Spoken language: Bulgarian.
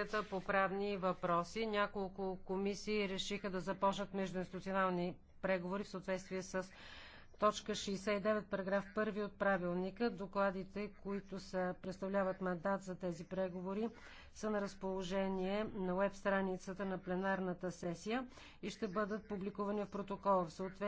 Комисията по правни въпроси. Няколко комисии решиха да започнат междуинституционални преговори в съответствие с точка 69, параграф 1 от правилника. Докладите, които са, представляват мандат за тези преговори, са на разположение на веб страницата на пленарната сесия и ще бъдат публикувани в протокол. В